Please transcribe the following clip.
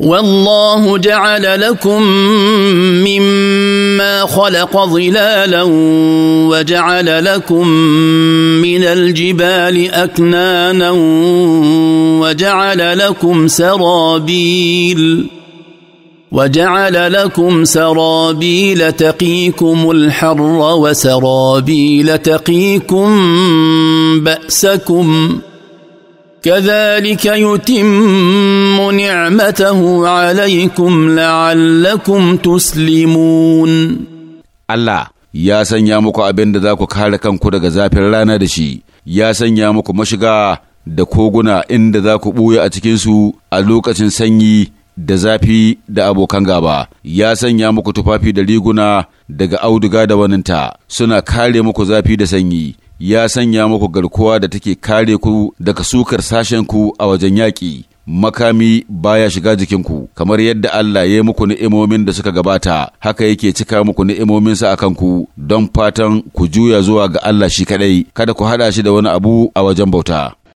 والله جعل لكم مما خلق ظلالا وجعل لكم من الجبال اكنانا وجعل لكم سرابيل وجعل لكم سرابيل تقيكم الحر وسرابيل تقيكم باسكم كذلك يتم نعمته عليكم لعلكم تسلمون الله ya sanya muku abin da za ku kare kanku daga zafin rana da shi, ya sanya muku mashiga da koguna inda za ku ɓuya a cikinsu a lokacin sanyi da zafi da abokan gaba, ya sanya muku tufafi da riguna daga auduga da waninta, suna kare muku zafi da sanyi, ya sanya muku garkuwa da take kare ku daga sukar sashen ku a wajen yaƙi. makami baya shiga jikinku kamar yadda Allah ya yi muku ni'imomin da suka gabata haka yake cika muku ni'imominsa a ku don fatan ku juya zuwa ga Allah shi kadai kada ku hada shi da wani abu a wajen bauta